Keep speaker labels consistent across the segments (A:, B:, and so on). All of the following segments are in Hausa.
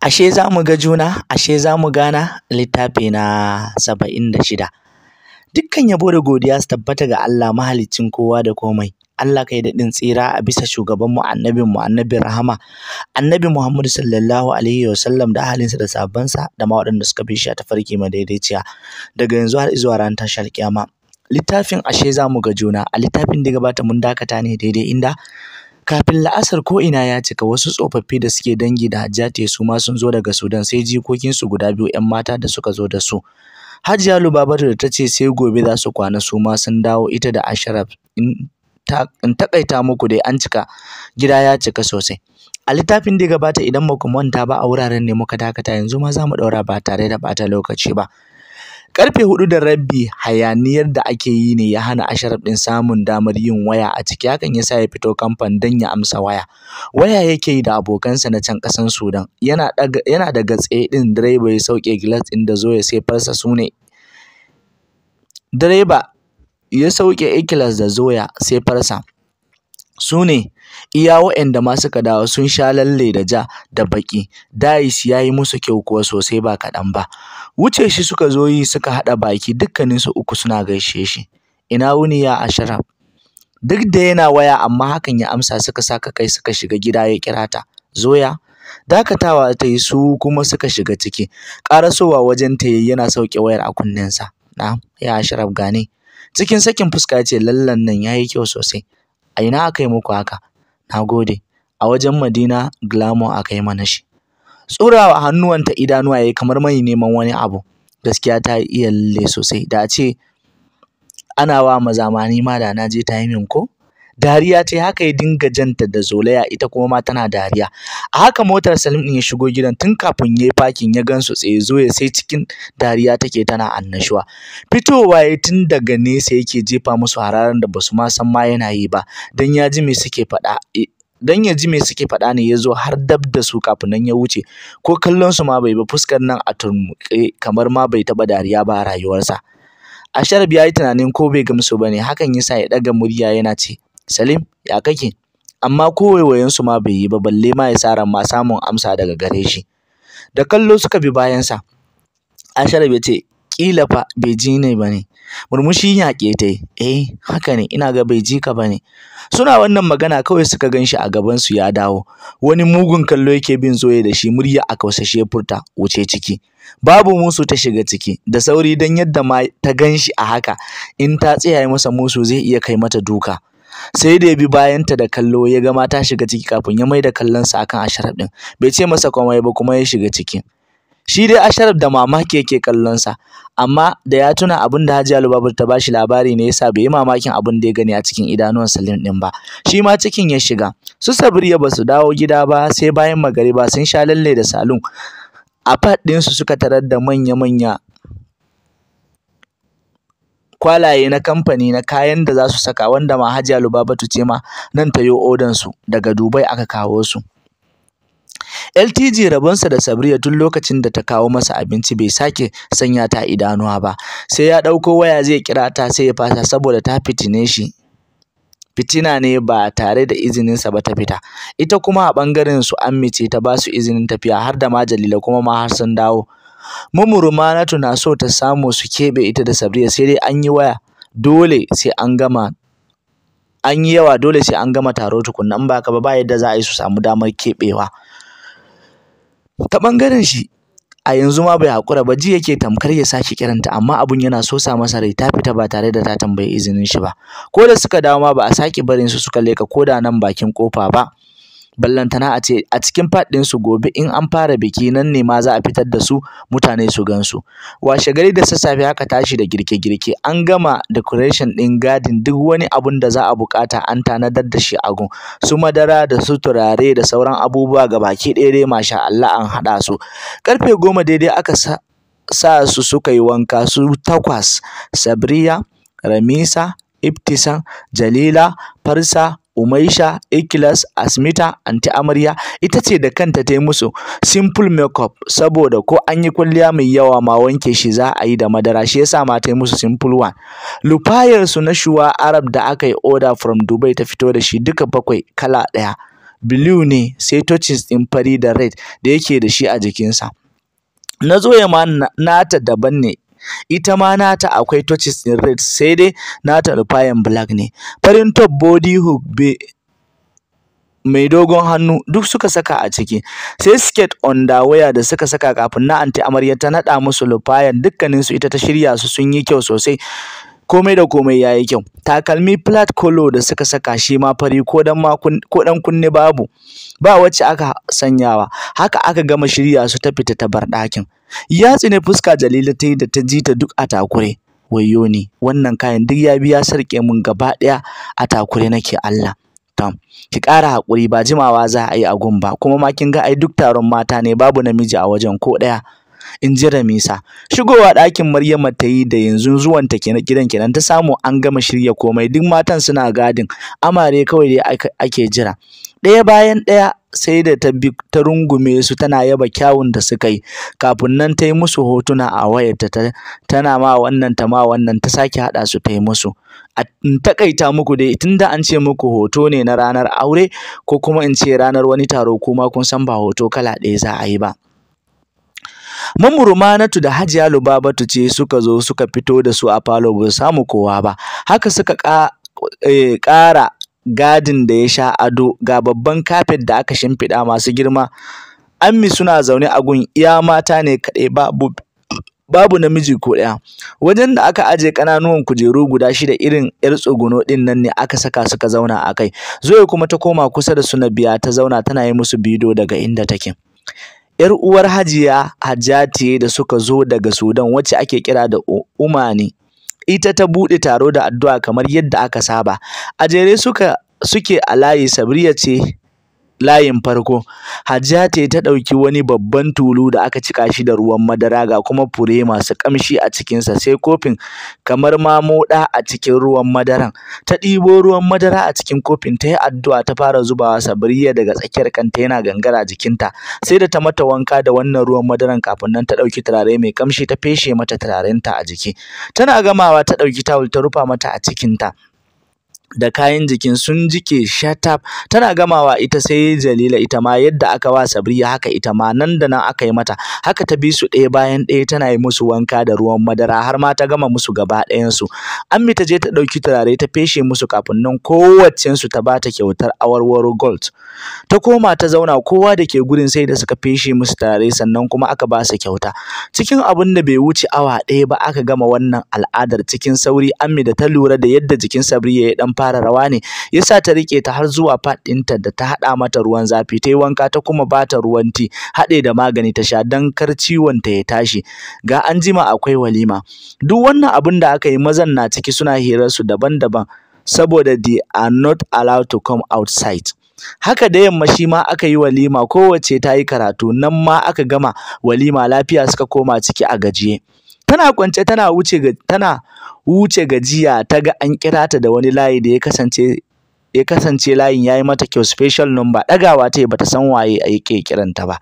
A: ashe za mu ga juna ashe za mu gana littafi na saba'in da shida dukkan yabo da godiya su tabbata ga Allah mahalicin kowa da komai Allah kai daɗin tsira a bisa shugaban mu annabin rahama annabi Muhammadu sallallahu alaihi sallam da halinsa da sabansa da ma waɗanda suka bi shi a tafarki madaidaiciya daga yanzu har zuwa ran tashar kiyama littafin ashe za mu ga juna a littafin da gabata mun dakata ne daidai inda Kafin la'asar ko'ina ya cika, wasu tsofaffi da suke dangi da Hajjati su ma sun zo daga Sudan sai jikokin su guda biyu 'yan mata da suka zo da su. Hajiya Lubabatu da ta ce sai gobe za su kwana su ma sun dawo ita da asharaf in takaita muku dai an cika gida ya cika sosai. A littafin da ya gabata idan ba manta ba a wuraren ne muka dakata yanzu ma za mu ɗaura ba tare da ɓata lokaci ba. Ƙarfe huɗu da rabi hayaniyar da ake yi ne ya hana Ashraf ɗin samun damar yin waya a ciki hakan ya sa ya fito kamfan don ya amsa waya. Waya yake yi da abokansa na can ƙasan Sudan. Yana daga tsaye ɗin direba ya sauke gilas ɗin da Zoya sai farsa su ne. Direba ya sauke ikilas da Zoya sai farsa. su ne iya waɗanda ma suka dawo sun sha lalle da ja da baƙi dais ya yi musu kyau kuwa sosai ba kaɗan ba wuce shi suka zo yi suka haɗa baki dukkaninsu uku suna gaishe shi ina wuni ya asharaf duk da yana waya amma hakan ya amsa suka saka kai suka shiga gida ya kira ta zoya dakatawa ta yi su kuma suka shiga ciki ƙarasowa wajen ta yi yana sauke wayar a kunnensa na ya asharaf gane cikin sakin fuska ce lallan nan ya yi kyau sosai A ina aka yi muku haka? Na gode. A wajen Madina Glamour aka yi mana shi. Tsurawa hannuwanta idanuwa ya yi kamar mai neman wani abu. Gaskiya ta iya lalle sosai. Da a ce ana wa maza ma ni ma da na je ta yi min ko? Dariya ta haka ya dinga janta da zolaya ita kuma ma tana dariya. a haka motar Salim din ya shigo gidan tun kafin yayi yi fakin ya gansu tsaye ya sai cikin dariya take tana annashuwa fitowa ya tun daga nesa yake jefa musu hararan da basu ma san ma yana yi ba dan ya ji me suke faɗa eh, dan ya ji me suke faɗa ne ya zo har dab da su kafin nan ya wuce ko kallon su ma bai ba fuskar nan a turmuƙe kamar ma bai taba dariya ba a rayuwarsa Asharab ya yi tunanin ko bai gamsu ba ne hakan yasa ya ɗaga murya yana ce Salim ya kake amma ko wayansu ma bai yi ba balle ma ya sa ran ma samun amsa daga gare shi da kallo suka bi bayansa asharaf ya ce ƙila fa bai ji ne ba ne murmushi ya ta yi eh haka ne ina ga bai ji ka ba ne suna wannan magana kawai suka gan shi a gabansu ya dawo wani mugun kallo yake bin zoye da shi murya a kausashe furta wuce ciki babu musu ta shiga ciki da sauri don yadda ma ta gan shi a haka in ta tsaya masa musu zai iya kai mata duka sai da ya bi bayanta da kallo ya ga mata shiga ciki kafin ya mai kallon kallonsa akan Ashraf ɗin, bai ce masa komai ba kuma ya shiga ciki shi dai Ashraf da mamaki yake kallonsa amma da ya tuna abin da Hajiya Lubabur ta bashi labari ne yasa bai yi mamakin abin da ya gani a cikin idanuwan Salim ɗin ba shi ma cikin ya shiga su Sabriya ba su dawo gida ba sai bayan magariba sun sha lalle da salon a fat ɗinsu suka tarar da manya-manya kwalaye na kamfani na kayan da za su saka wanda ma Hajiya Lubabatu ce ma nan ta yo odan su daga Dubai aka kawo su LTG rabonsa da Sabriya tun lokacin da ta kawo masa abinci bai sake sanya ta idanuwa ba sai ya ɗauko waya zai kira ta sai ya fasa saboda ta fitine shi fitina ne ba tare da izininsa ba ta fita ita kuma a ɓangaren su ce ta ba su izinin tafiya har da ma Jalila kuma ma har sun dawo mumuruma na so ta samu su keɓe ita da Sabriya sai dai an yi waya dole sai an gama an yi yawa dole sai an gama taro tukunna in ba ka ba ba yadda za a yi su samu damar keɓewa. Ta ɓangaren shi a yanzu ma bai hakura ba ji yake tamkar ya sake kiranta amma abun yana so sa masa rai ta fita ba tare da ta tambayi izinin shi ba ko da suka dawo ma ba a sake barin su suka leka ko da nan bakin kofa ba ballantana a ce a cikin faɗin su gobe in an fara biki nan ne ma za a fitar da su mutane su gansu. su washe gari da sassafe haka tashi da girke girke an gama decoration ɗin gadin duk wani abun da za a bukata an tanadar da shi a gun su madara da su turare da sauran abubuwa ga baki ɗaya dai masha Allah an haɗa su karfe goma daidai aka sa sa su suka yi wanka su takwas sabriya ramisa ibtisan jalila farsa Umaisha, Ikilas, Asmita, Anti Amarya ita ce da kanta ta yi musu simple makeup saboda ko an yi kwalliya mai yawa ma wanke shi za a yi da madara shi yasa ma ta yi musu simple one. lupayar su na shuwa Arab da aka yi order from Dubai ta fito da shi duka bakwai kala ɗaya. Blue ne sai touches ɗin fari da red da yake da shi a jikinsa. Na Zoya ma nata daban ne ita ma nata akwai touches ɗin red sai dai nata rufayen black ne farin top body hook be mai dogon hannu duk suka saka a ciki sai skirt underwear da suka saka kafin na anti amarya ta nada musu lufayan dukkanin su ita ta shirya su sun yi kyau sosai komai da komai yayi kyau takalmi flat color da suka saka shi ma fari ko dan ko dan kunne babu ba wacce aka sanyawa haka aka gama shirya su ta fita ta bar ɗakin ya tsine fuska jalila ta yi da ta ji ta duk a takure wayo ni wannan kayan duk ya biya sarke mun gaba ɗaya a takure nake Allah tam ki ƙara hakuri ba jimawa za a yi a gumba kuma ma kin ga ai duk taron mata ne babu namiji a wajen ko ɗaya in ji Ramisa shigowa ɗakin Maryama ta yi da yanzu zuwanta kenan gidan kenan ta samu an gama shirya komai duk matan suna gadin amare kawai dai ake jira ɗaya bayan ɗaya sai da ta bi ta rungume su tana yaba kyawun da suka yi kafin nan ta yi musu hotuna a wayarta tana ma wannan ta ma wannan ta sake haɗa su ta yi musu a takaita muku dai tunda an ce muku hoto ne na ranar aure ko kuma in ce ranar wani taro kuma kun san ba hoto kala ɗaya za a yi ba Mamurumanatu da Hajiya Lubabatu ce suka zo suka fito da su a falo ba samu kowa ba haka suka eh, ƙara gadin da ya sha ado ga babban kafet da aka shimfiɗa masu girma ammi suna zaune a gun iya mata ne kaɗai babu babu namiji ko ɗaya wajen da aka aje ƙananuwan kujeru guda shida irin yar tsuguno ɗin nan ne aka saka suka zauna a kai zoe kuma ta koma kusa da su na biya ta zauna tana yi musu bidiyo daga inda take yar uwar hajiya hajjati da suka zo daga sudan wacce ake kira da umani ita ta buɗe taro da addu'a kamar yadda aka saba. A jere suke a layi Sabriya ce layin farko Hajiya ce ta ɗauki wani babban tulu da aka cika shi da ruwan madara ga kuma fure masu kamshi a cikinsa sai kofin kamar ma moɗa a cikin ruwan madaran ta ɗibo ruwan madara a cikin kofin ta yi addu'a ta fara zubawa sabriya daga tsakiyar kanta yana gangara jikinta sai da ta mata wanka da wannan ruwan madaran kafin nan ta ɗauki turare mai kamshi ta feshe mata turarenta a jiki tana gamawa ta ɗauki tawul ta rufa mata a cikinta da kayan jikin sun jike shataf, tana gamawa ita sai Jalila ita ma yadda aka wa Sabriya haka ita ma nan da nan aka yi mata haka ta bi su ɗaya bayan ɗaya tana yi musu wanka da ruwan madara har ma ta gama musu gaba ɗayan su Ammi ta je ta ɗauki turare ta feshe musu kafin nan kowacce su ta bata kyautar awarwaro gold ta koma ta zauna kowa da ke gurin sai da suka feshe musu turare sannan kuma aka ba su kyauta cikin abin da bai wuce awa ɗaya ba aka gama wannan al'adar cikin sauri Ammi da ta lura da yadda jikin Sabriya ya ɗan fara rawa ne yasa ta rike ta har zuwa pad ɗinta da ta haɗa mata ruwan zafi ta yi wanka ta kuma ba ta ruwan ti haɗe da magani ta sha don kar ciwon ta ya tashi ga an jima akwai walima duk wannan abin da aka yi mazan na ciki suna hirar su daban-daban saboda they are not allowed to come outside haka da yamma shi ma aka yi walima kowace ta yi karatu nan ma aka gama walima lafiya suka koma ciki a gajiye tana kwance tana wuce tana wuce gajiya ta ga an kira ta da wani layi da ya kasance ya kasance layin yayi mata kyau special number dagawa ta ba bata san waye a yake kiranta ba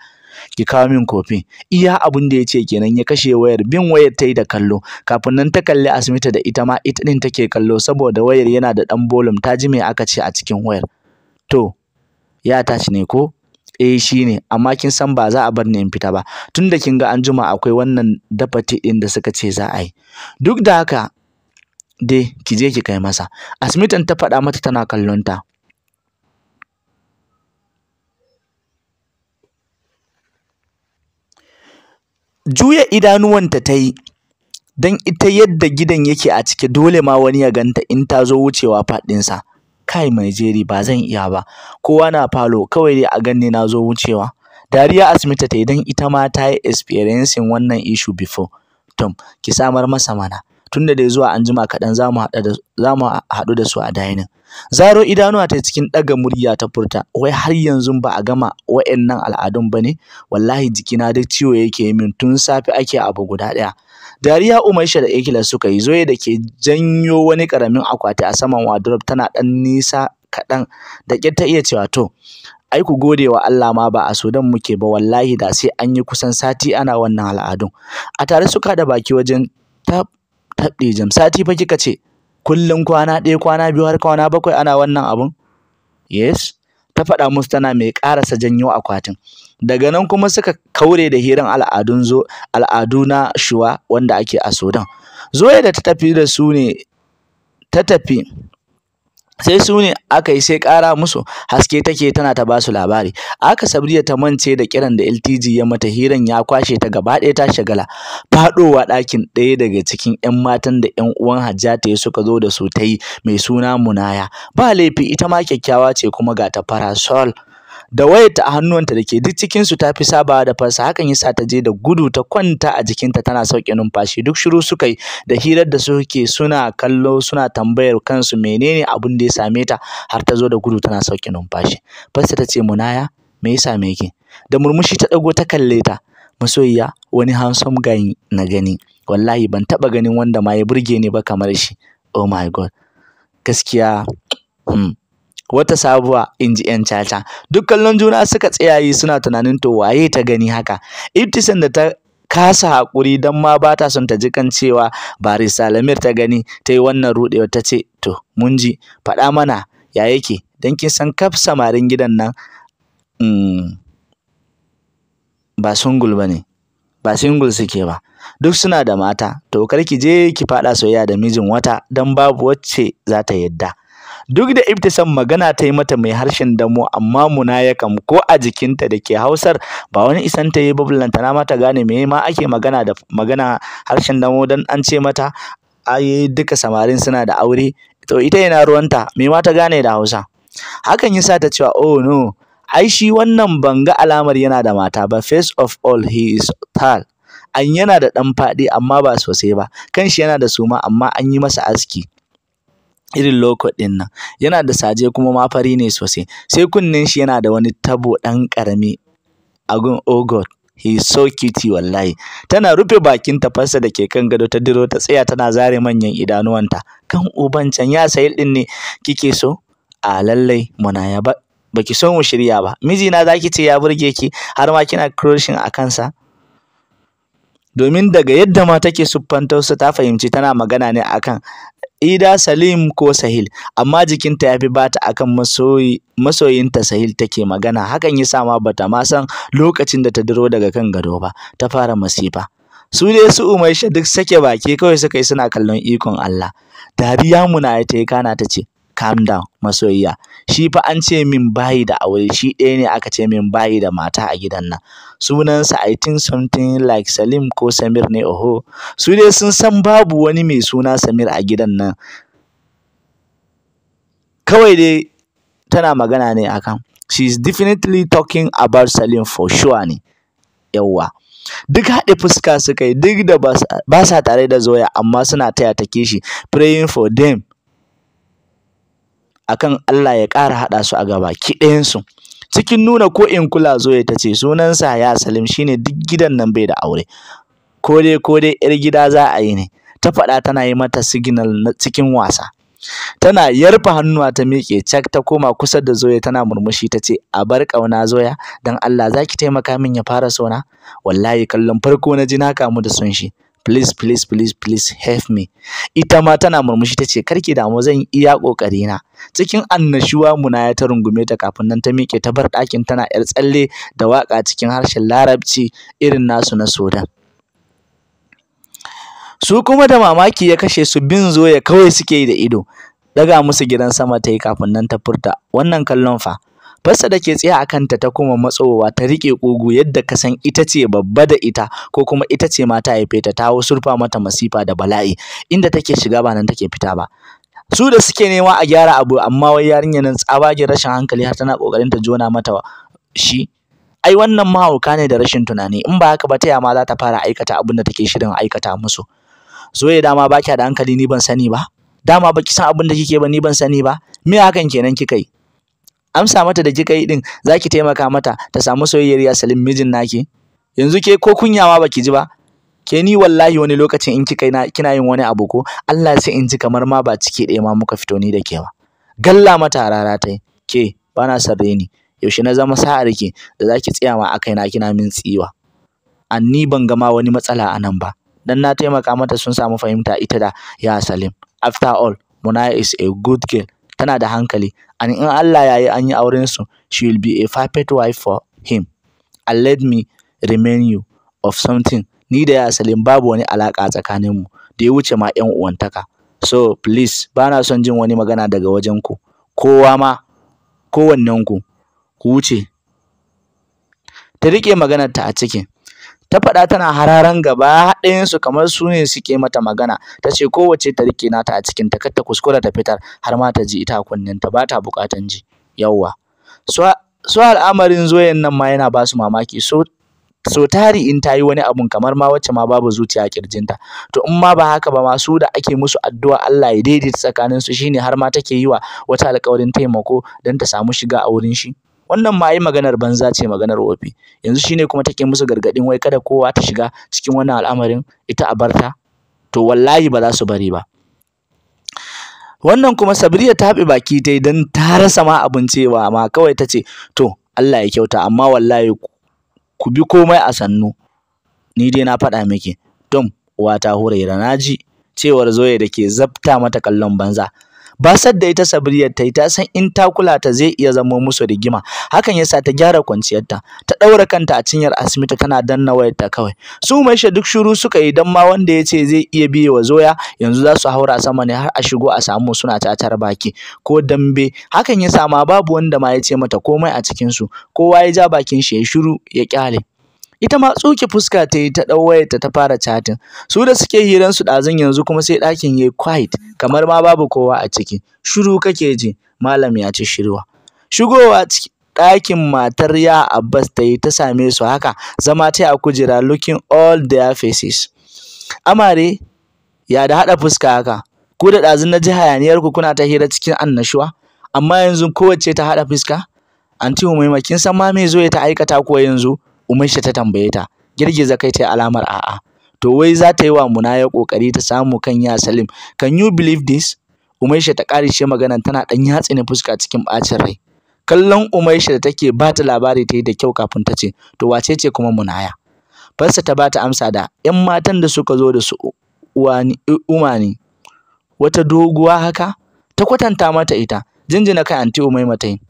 A: ki kawo min kofi iya abin da yace kenan ya kashe wayar bin wayar tayi da kallo kafin nan ta kalli Asmita da ita ma ita din take kallo saboda wayar yana da dan bolum ta ji me aka ce a cikin wayar to ya tashi ne ko eh shine amma kin san ba za a bar ne in fita ba tunda kin ga an juma akwai wannan dafati din da suka ce za a yi duk da haka dai ki je ki kai masa asmitan ta faɗa mata tana kallon ta juya idanuwanta ta yi don ita yadda gidan yake a cike dole ma wani ya ganta in ta zo wucewa faɗinsa kai mai jeri ba zan iya ba kowa na falo kawai dai a ganni na zo wucewa dariya asmita ta yi ita ma ta yi experiencing wannan issue before tom ki samar masa mana tunda dai zuwa anjima kaɗan za mu haɗu da su a dainin. zaro idanuwa ta cikin ɗaga murya ta furta wai har yanzu ba a gama wa'annan al'adun ba ne wallahi jikina duk ciwo yake min tun safe ake abu guda ɗaya dariya umaisha da ikila suka yi zoye da ke janyo wani ƙaramin akwati a saman wardrobe tana ɗan nisa kaɗan da ƙyar ta iya cewa to ai ku gode wa Allah ma ba a Sudan muke ba wallahi da sai an yi kusan sati ana wannan al'adun a tare suka da baki wajen tabɗe jam sati fa kika ce kullum kwana ɗaya kwana biyu har kwana bakwai ana wannan abun yes ta faɗa musu tana mai ƙarasa janyo akwatin daga nan kuma suka kaure da hirin al'adun zo al'adu na shuwa wanda ake a Sudan Zoya da ta tafi da su ne ta tafi sai su ne aka yi sai ƙara musu haske take tana ta basu labari aka sabriya ta mance da kiran da LTG ya mata hiran ya kwashe ta gaba ɗaya ta shagala faɗowa ɗakin ɗaya daga cikin ƴan matan da ƴan uwan Hajjata suka zo da su ta yi mai suna Munaya ba laifi ita ma kyakkyawa ce kuma ga ta parasol da wayarta a hannuwanta da ke duk cikin su ta fi sabawa da farsa hakan yasa ta je da gudu ta kwanta a jikinta tana sauke numfashi duk shiru suka yi da hirar da suke suna kallo suna tambayar kansu menene abun da ya same ta har ta zo da gudu tana sauke numfashi farsa ta ce munaya me ya me yake da murmushi ta dago ta kalle ta masoyiya wani hansom guy na gani wallahi ban taba ganin wanda ma ya burge ni ba kamar shi oh my god gaskiya hmm. wata sabuwa in ji 'yan caca duk kallon juna suka tsayayi suna tunanin to waye ta gani haka ibtisan da ta kasa haƙuri don ma ba ta son ta ji kan cewa bari salamir ta gani ta yi wannan ruɗewa ta ce to mun ji faɗa mana ya yake don kin san kaf samarin gidan nan mm, ba sungul ba ne ba singul suke ba duk suna da mata to kar ki je ki faɗa soyayya da mijin wata don babu wacce za ta yadda duk da Ibtisam magana ta yi mata mai harshen damo amma ya kam ko a jikinta da ke Hausar ba wani isan ta yi babulanta na mata gane me ma ake magana da magana harshen damo dan an ce mata yi duka samarin suna da aure to ita yana ruwanta me ma ta gane da Hausa hakan yasa ta cewa oh no ai shi wannan banga alamar yana da mata ba face of all he is tall an yana da ɗan faɗi amma ba sosai ba kanshi yana da suma amma an yi masa aski irin loko ɗin nan yana da saje kuma ma fari ne sosai sai kunnen shi yana da wani tabo ɗan ƙarami a gun oh god he is so cute wallahi tana rufe bakin tafarsa da ke kan gado ta diro ta tsaya tana zare manyan idanuwanta kan uban can ya sayi ɗin ne kike so a lallai muna ya ba baki so mu shirya ba mijina zaki ce ya burge ki har ma kina crushing a kansa domin daga yadda ma take siffantarsa ta fahimci tana magana ne akan Ida Salim ko Sahil amma jikinta ya fi bata akan masoyi masoyinta Sahil take magana hakan ya sa ma bata ma san lokacin da ta diro daga kan gado ba ta fara masifa su dai su Umaisha duk sake baki kawai suka yi suna kallon ikon Allah dariya muna ta yi kana ta ce calm down masoyiya shi fa an ce min bayi da aure shi ɗaya ne aka ce min bayi da mata a gidan nan sunansa I think something like Salim ko Samir ne oho su dai sun san babu wani mai suna Samir a gidan nan kawai dai tana magana ne akan she is definitely talking about Salim for sure ne yawwa duk haɗe fuska suka yi duk da ba sa tare da zoya amma suna taya ta kishi praying for them akan Allah ya ƙara haɗa su a gaba ki cikin nuna ko in kula zo ya tace sunansa ya salim shine duk gidan nan bai da aure ko dai ko dai yar gida za a yi ne ta faɗa tana yi mata signal na cikin wasa tana yarfa hannuwa ta miƙe cak ta koma kusa da zoya tana murmushi ta ce a bar ƙauna zoya don Allah za ki taimaka min ya fara sona wallahi kallon farko na ji na kamu da sunshi." please please please please help me ita ma tana murmushi ta ce karki damu zan iya kokari na cikin annashuwa muna ya ta rungume ta kafin nan ta mike ta bar ɗakin tana yar tsalle da waka cikin harshen larabci irin nasu na sudan su kuma da mamaki ya kashe su bin zo ya kawai suke da ido daga musu gidan sama ta yi kafin nan ta furta wannan kallon fa Bassa da ke tsaye a kanta ta kuma matsowa ta riƙe ƙugu yadda ka san ita ce babba da ita ko kuma ita ce ma ta haife ta ta surfa mata masifa da bala'i inda take shiga ba nan take fita ba. Su da suke nema a gyara abu amma wai yarinyar nan tsabagen rashin hankali har tana ƙoƙarin ta jona mata shi. Ai wannan mahauka ne da rashin tunani in ba haka ba ta ma za ta fara aikata abin da take shirin aikata musu. ya dama ba kya da hankali ni ban sani ba. Dama ba ki san abin da kike ba ni ban sani ba. Me hakan kenan kika yi? amsa mata da kika yi din zaki taimaka mata ta samu soyayyar ya salim mijin naki yanzu ke ko kunyawa baki ji ba ke ni wallahi wani lokacin in kika kina yin wani abu ko Allah sai in ji kamar ma ba ciki ɗaya ma muka fito ni da ke ba galla mata rara ta ke bana sarre ni yaushe na zama sa'ar ki da zaki tsaya ma akai na kina min tsiwa anni ban ga ma wani matsala a nan ba dan na taimaka mata sun samu fahimta ita da ya Salim after all muna is a good girl tana da hankali and in Allah ya yi an yi auren su she will be a perfect wife for him and let me remain you of something ni da ya Salim babu wani alaka tsakanin mu da ya wuce ma 'yan uwantaka so please bana son jin wani magana daga wajen ku kowa ma kowannen ku ku wuce ta riƙe maganar ta a cikin ta faɗa tana hararan gaba ɗayansu kamar su ne suke mata magana ta ce kowace ta rike nata a cikin ta ta kuskura ta fitar har ma ta ji ita kunninta ba ta buƙatan ji yawwa su al'amarin zoyen nan ma yana ba su mamaki so so tari in ta yi wani abun kamar ma wacce ma babu zuciya a kirjinta to in ma ba haka ba ma su da ake musu addu'a Allah ya daidaita tsakaninsu shine har ma take yi wa wata alƙawarin taimako don ta samu shiga a wurin shi wannan ma ai maganar banza ce maganar wofi yanzu shine kuma take musu gargadin wai kada kowa ta shiga cikin wannan al'amarin ita a barta to wallahi ba za su bari ba wannan kuma sabriya ta haɓe baki ta yi don ta rasa ma abin cewa ma kawai ta ce to Allah ya kyauta amma wallahi ku bi komai a sannu ni dai na faɗa miki don uwata huraira na ji cewar zoye da ke zabta mata kallon banza basar da ita sabriyar ta yi ta san in ta kula ta zai iya zama musu rigima hakan yasa ta gyara kwanciyarta ta ɗaura kanta a cinyar asmita tana danna wayarta kawai su mai sha duk shiru suka yi dan ma wanda ya ce zai iya biye wa zoya yanzu za su haura sama ne har a shigo a samu suna tar baki ko dambe hakan yasa ma babu wanda ma ya ce mata komai a cikin su kowa ya ja bakin shi ya shiru ya kyale ita ma tsuke fuska ta yi ta ɗau wayarta ta fara chatin su da suke hiran su ɗazun yanzu kuma sai ɗakin yayi quiet kamar ma babu kowa a ciki shiru kake ji malam ya ci shiruwa. shigowa ɗakin matar ya Abbas ta yi ta same su haka zama ta a kujera looking all their faces amare ya da haɗa fuska haka ku da ɗazun na ji hayaniyarku kuna ta hira cikin annashuwa amma yanzu kowace ta haɗa fuska anti umaimakin kin san ma me zo ya ta aikata ko yanzu umaisha ta tambaye ta girgiza kai ta alamar a'a to wai za ta yi wa munaya kokari ta samu kan ya salim can you believe this umaisha ta karishe maganan tana dan yatsi ne fuska cikin bacin rai kallon umaisha da take ba ta labari ta yi da kyau kafin ta ce to wace ce kuma munaya farsa ta ba ta amsa da yan matan da suka zo da su umani wata doguwa haka ta kwatanta mata ita jinjina kai anti umaima ta yi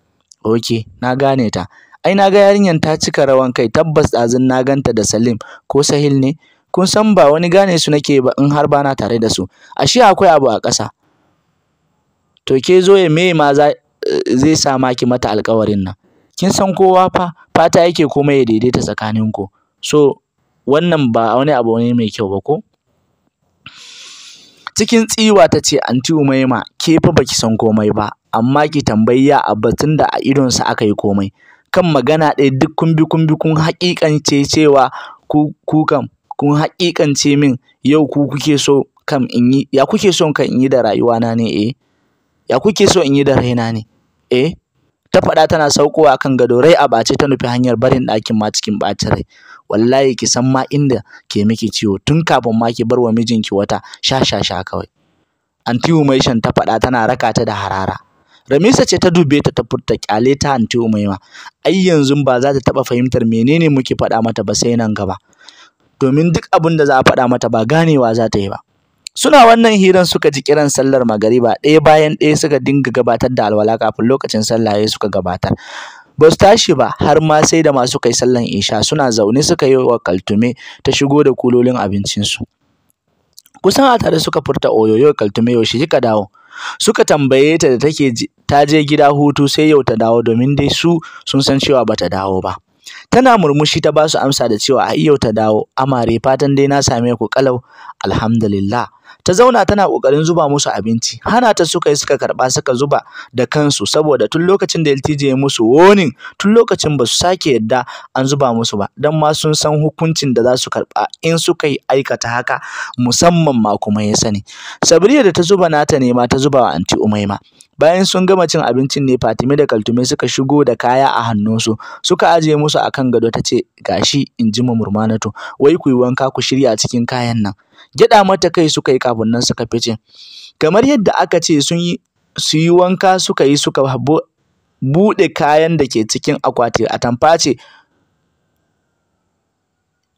A: okay na gane ta Ai na ga yarinyar ta cika rawan kai tabbas ɗazun na ganta da Salim ko Sahil ne. Kun san ba wani gane su nake ba in har bana tare da su. Ashe akwai abu a ƙasa. To ke ya me ma zai sa maki mata alƙawarin nan. Kin san kowa fa fata yake komai ya daidaita ku So wannan ba wani abu ne mai kyau ba ko? cikin tsiwa ta ce anti umaima ke fa baki san komai ba amma ki tambayi ya batun da a idonsa aka yi komai kan magana ɗaya duk kun bi kun bi kun haƙiƙance cewa ku kam kun haƙiƙance min yau ku kuke so kam in yi ya kuke so kan in yi da na ne eh ya kuke so in yi da raina ne eh ta faɗa tana saukowa kan gado rai a ɓace ta nufi hanyar barin ɗakin ma cikin ɓacin rai wallahi ki san ma inda ke miki ciwo tun kafin ma ki bar wa mijinki wata sha kawai anti ta faɗa tana raka ta da harara Ramisa ce ta dube ta ta furta kyale ta anti Umaima ai yanzu ba za ta taba fahimtar menene muke faɗa mata ba sai nan gaba domin duk abin da za a faɗa mata ba ganewa za ta yi ba suna wannan hiran suka ji kiran sallar magariba ɗaya bayan ɗaya suka dinga gabatar da alwala kafin lokacin sallah ya suka gabatar ba su tashi ba har ma sai da masu kai sallar isha suna zaune suka yi wa kaltume ta shigo da kulolin abincinsu kusan a tare suka furta oyoyo kaltume yaushe kika dawo suka tambaye ta da take ta je gida hutu sai yau ta dawo domin dai su sun san cewa bata dawo ba tana murmushi ta basu amsa da cewa a yau ta dawo amare fatan dai na same ku kalau alhamdulillah ta zauna tana ƙoƙarin zuba musu abinci hana ta suka yi suka karɓa suka zuba da kansu saboda tun lokacin da LTJ ya musu warning tun lokacin ba su sake yadda an zuba musu ba dan ma sun san hukuncin da za su karɓa in suka yi aikata haka musamman ma kuma ya sani Sabriya da ta zuba nata ne ma ta zuba wa anti Umaima bayan sun gama cin abincin ne Fatime da Kaltume suka shigo da kaya a hannunsu suka ajiye musu akan gado ta ce gashi in ji murmanatu wai ku yi wanka ku shirya cikin kayan nan gyaɗa mata kai suka yi kafin nan suka fice kamar yadda aka ce sun yi su yi wanka suka yi suka buɗe kayan da ke cikin akwati tamfa ce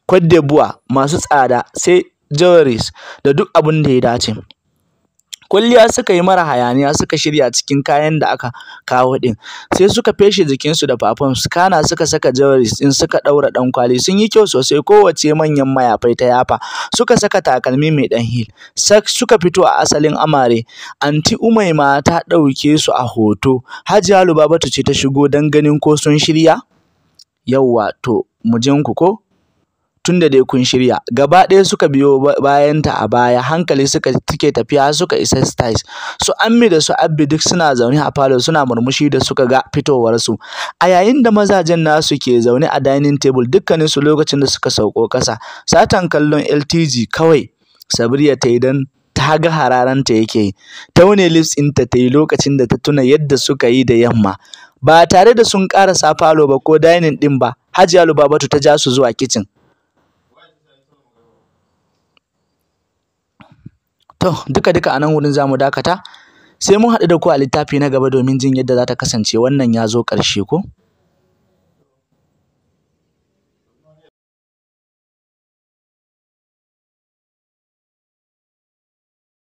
A: Cote d'Ivoire masu tsada sai jewelries da duk abin da ya dace kwalliya suka yi mara hayaniya suka shirya cikin kayan da aka kawo ɗin sai suka feshe jikinsu da su kana suka saka jewelry ɗin suka ɗaura ɗan kwali sun yi kyau sosai kowace manyan mayafai ta yafa suka saka takalmi mai ɗan hil. suka fito a asalin amare anti umaima ta ɗauke su a hoto hajiya lubabatu ce ta shigo don ganin ko sun shirya yauwa to mu ku ko Tun da dai kun shirya gaba ɗaya suka biyo bayanta a baya hankali suka suke tafiya suka isa styles su ammi da su abbi duk suna zaune a falo suna murmushi da suka ga fitowar su a yayin da mazajen nasu ke zaune a dining table dukkanin su lokacin da suka sauko kasa satan kallon LTG kawai Sabriya ta yi dan ta ga hararanta yake taune lips in ta yi lokacin da ta tuna yadda suka yi da yamma ba tare da sun ƙarasa falo ba ko dining ɗin ba Hajiya Lubabatu ta ja su zuwa kitchen to duka duka a nan wurin zamu dakata sai mun haɗu da ku a littafi na gaba domin jin yadda za ta kasance wannan ya zo ƙarshe ko